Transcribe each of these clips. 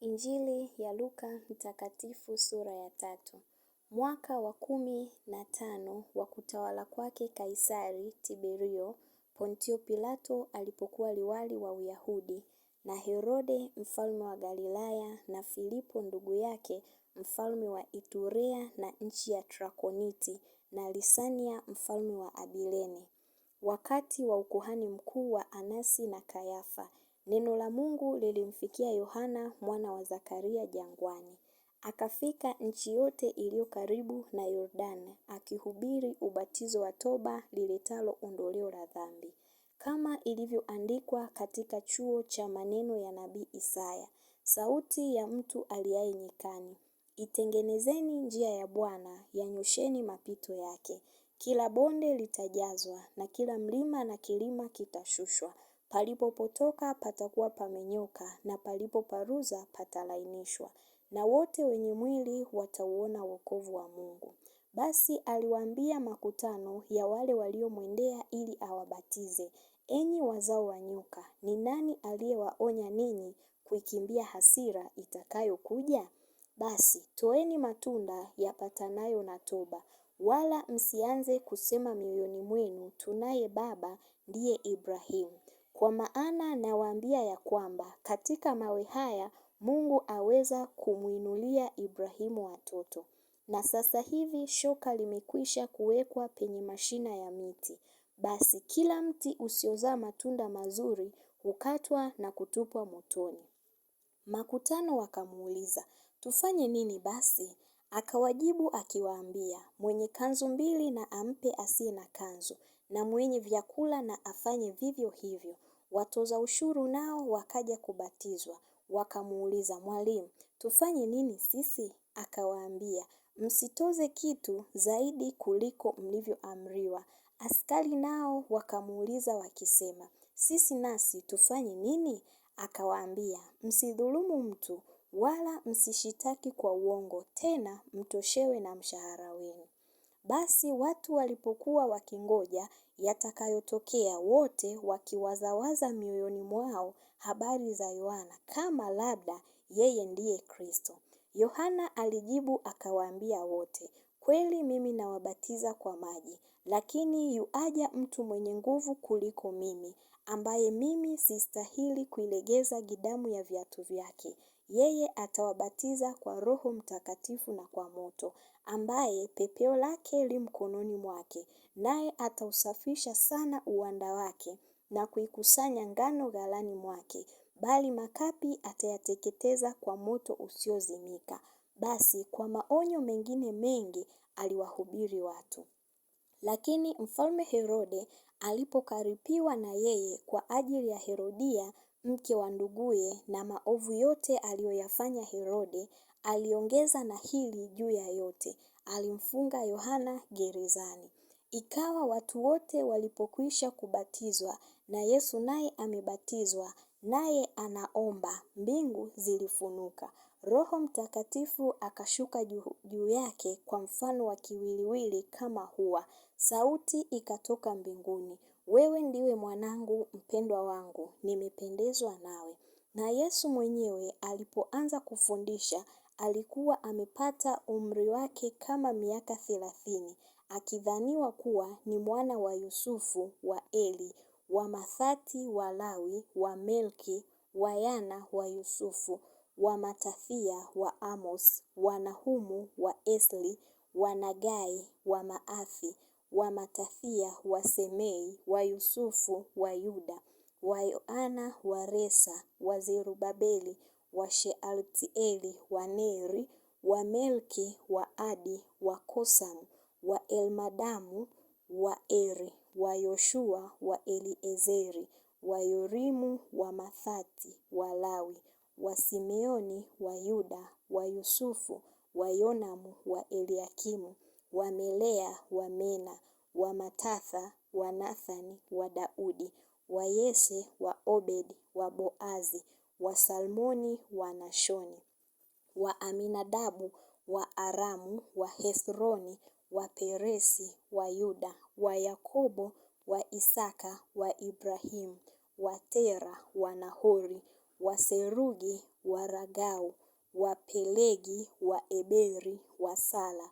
Injili ya Luka Mtakatifu sura ya tatu. Mwaka wa kumi na tano wa kutawala kwake Kaisari Tiberio, Pontio Pilato alipokuwa liwali wa Uyahudi, na Herode mfalme wa Galilaya, na Filipo ndugu yake mfalme wa Iturea na nchi ya Trakoniti, na Lisania mfalme wa Abilene, wakati wa ukuhani mkuu wa Anasi na Kayafa. Neno la Mungu lilimfikia Yohana mwana wa Zakaria jangwani. Akafika nchi yote iliyo karibu na Yordani, akihubiri ubatizo wa toba liletalo ondoleo la dhambi, kama ilivyoandikwa katika chuo cha maneno ya nabii Isaya, sauti ya mtu aliaye nyikani, itengenezeni njia ya Bwana, yanyosheni mapito yake. Kila bonde litajazwa, na kila mlima na kilima kitashushwa. Palipopotoka patakuwa pamenyoka, na palipoparuza patalainishwa, na wote wenye mwili watauona wokovu wa Mungu. Basi aliwaambia makutano ya wale waliomwendea ili awabatize, Enyi wazao wa nyoka, ni nani aliyewaonya ninyi kuikimbia hasira itakayokuja? Basi toeni matunda yapatanayo na toba, wala msianze kusema mioyoni mwenu, Tunaye baba ndiye Ibrahimu. Kwa maana nawaambia ya kwamba katika mawe haya Mungu aweza kumuinulia Ibrahimu watoto. Na sasa hivi shoka limekwisha kuwekwa penye mashina ya miti. Basi kila mti usiozaa matunda mazuri hukatwa na kutupwa motoni. Makutano wakamuuliza, tufanye nini basi? Akawajibu akiwaambia, mwenye kanzu mbili na ampe asiye na kanzu, na mwenye vyakula na afanye vivyo hivyo. Watoza ushuru nao wakaja kubatizwa. Wakamuuliza mwalimu, tufanye nini sisi? Akawaambia, msitoze kitu zaidi kuliko mlivyoamriwa. Askari nao wakamuuliza wakisema, sisi nasi tufanye nini? Akawaambia, msidhulumu mtu wala msishitaki kwa uongo, tena mtoshewe na mshahara wenu. Basi watu walipokuwa wakingoja yatakayotokea, wote wakiwazawaza mioyoni mwao habari za Yohana, kama labda yeye ndiye Kristo. Yohana alijibu akawaambia wote, kweli mimi nawabatiza kwa maji, lakini yuaja mtu mwenye nguvu kuliko mimi, ambaye mimi sistahili kuilegeza gidamu ya viatu vyake. Yeye atawabatiza kwa Roho Mtakatifu na kwa moto ambaye pepeo lake li mkononi mwake, naye atausafisha sana uwanda wake na kuikusanya ngano ghalani mwake, bali makapi atayateketeza kwa moto usiozimika. Basi kwa maonyo mengine mengi aliwahubiri watu. Lakini mfalme Herode alipokaripiwa na yeye kwa ajili ya Herodia mke wa nduguye na maovu yote aliyoyafanya Herode, aliongeza na hili juu ya yote, alimfunga Yohana gerezani. Ikawa watu wote walipokwisha kubatizwa na Yesu naye amebatizwa, naye anaomba, mbingu zilifunuka. Roho Mtakatifu akashuka juu yake kwa mfano wa kiwiliwili kama huwa Sauti ikatoka mbinguni, wewe ndiwe mwanangu mpendwa wangu, nimependezwa nawe. Na Yesu mwenyewe alipoanza kufundisha, alikuwa amepata umri wake kama miaka thelathini, akidhaniwa kuwa ni mwana wa Yusufu, wa Eli, wa Mathati wa Lawi, wa Melki, wa Yana, wa Yusufu, wa Matathia, wa Amos, wa Nahumu, wa Esli, wa Nagai, wa Maathi, wa Matathia, wa Semei, wa Yusufu, wa Yuda, wa Yoana, wa Resa, wa Zerubabeli, wa Shealtieli, wa Neri, wa Melki, wa Adi, wa Kosamu, wa Elmadamu, wa Eri, wa Yoshua, wa Eliezeri, wa Yorimu, wa Mathati, wa Lawi, wa Simeoni, wa Yuda, wa Yusufu, wa Yonamu, wa Eliakimu, wa Melea, wa Mena, wa Matatha, wa Nathani, wa Daudi, wa Yese, wa Obedi, wa Boazi, Wasalmoni, Wanashoni, Waaminadabu, Serugi, wa Waperesi, wa Wayakobo, Waisaka, Waibrahimu, Watera, Wanahori, Waserugi, Kenani, Wapelegi, Arfaksad,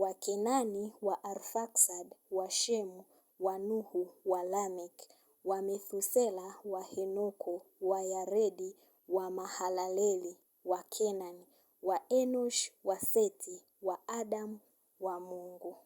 wa Wakenani, wa Washemu, Wanuhu, lamek wa Methusela, wa Henoko, wa Yaredi, wa Mahalaleli, wa Kenani, wa Enosh, wa Seti, wa Adamu, wa Mungu.